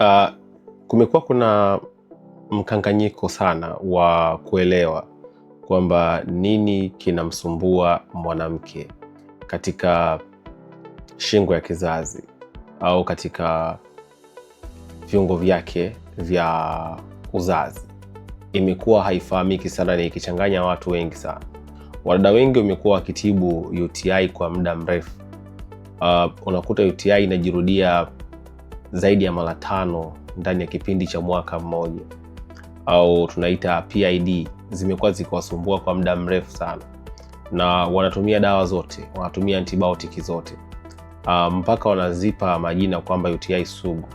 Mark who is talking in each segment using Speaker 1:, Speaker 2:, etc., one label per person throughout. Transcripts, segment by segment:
Speaker 1: uh, kumekuwa kuna mkanganyiko sana wa kuelewa kwamba nini kinamsumbua mwanamke katika shingo ya kizazi au katika viungo vyake vya uzazi. Imekuwa haifahamiki sana na ikichanganya watu wengi sana. Wadada wengi wamekuwa wakitibu UTI kwa muda mrefu. Uh, unakuta UTI inajirudia zaidi ya mara tano ndani ya kipindi cha mwaka mmoja, au tunaita PID, zimekuwa zikiwasumbua kwa muda mrefu sana, na wanatumia dawa zote, wanatumia antibiotiki zote ah, mpaka um, wanazipa majina kwamba UTI sugu,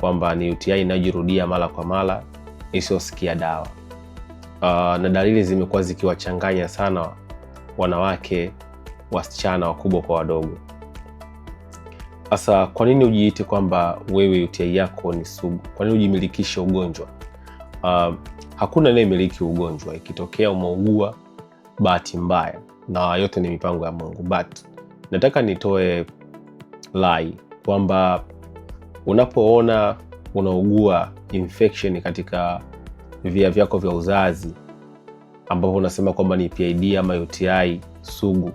Speaker 1: kwamba ni UTI inayojirudia mara kwa mara isiyosikia dawa. Uh, na dalili zimekuwa zikiwachanganya sana wanawake, wasichana wakubwa kwa wadogo. Sasa kwa nini ujiite kwamba wewe UTI yako ni sugu? Kwa nini ujimilikishe ugonjwa? Uh, hakuna anayemiliki ugonjwa. Ikitokea umeugua bahati mbaya, na yote ni mipango ya Mungu, but nataka nitoe lai kwamba unapoona unaugua infection katika via vyako vya uzazi ambapo unasema kwamba ni PID ama UTI sugu,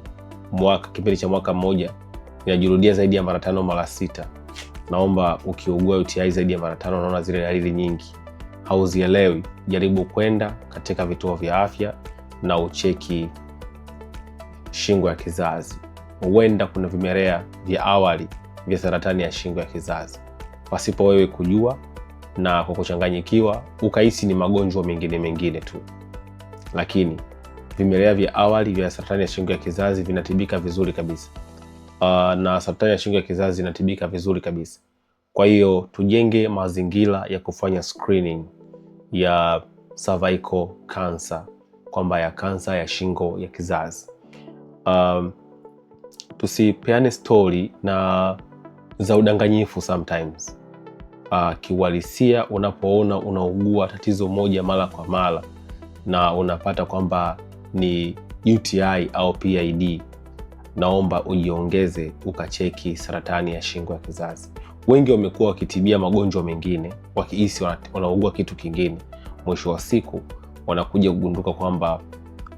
Speaker 1: mwaka kipindi cha mwaka mmoja inajirudia zaidi ya mara tano mara sita, naomba ukiugua UTI zaidi ya mara tano, unaona zile dalili nyingi, hauzielewi, jaribu kwenda katika vituo vya afya na ucheki shingo ya kizazi. Huenda kuna vimelea vya awali vya saratani ya shingo ya kizazi pasipo wewe kujua, na kwa kuchanganyikiwa ukahisi ni magonjwa mengine mengine tu, lakini vimelea vya awali vya saratani ya shingo ya kizazi vinatibika vizuri kabisa uh, na saratani ya shingo ya kizazi inatibika vizuri kabisa. Kwa hiyo tujenge mazingira ya kufanya screening ya cervical cancer, kwamba ya kansa ya shingo ya kizazi. Um, tusipeane stori na za udanganyifu sometimes. Uh, kiuhalisia unapoona unaugua tatizo moja mara kwa mara na unapata kwamba ni UTI au PID naomba ujiongeze ukacheki saratani ya shingo ya kizazi. Wengi wamekuwa wakitibia magonjwa mengine wakihisi wanaugua kitu kingine, mwisho wa siku wanakuja kugunduka kwamba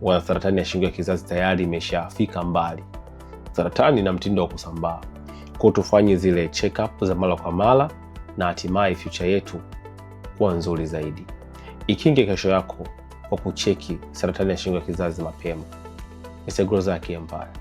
Speaker 1: wana saratani ya shingo ya kizazi tayari imeshafika mbali. Saratani na mtindo wa kusambaa kwa, tufanye zile check up za mara kwa mara na hatimaye future yetu kuwa nzuri zaidi. Ikinge kesho yako kwa kucheki saratani ya shingo ya kizazi mapema. It's a Empire.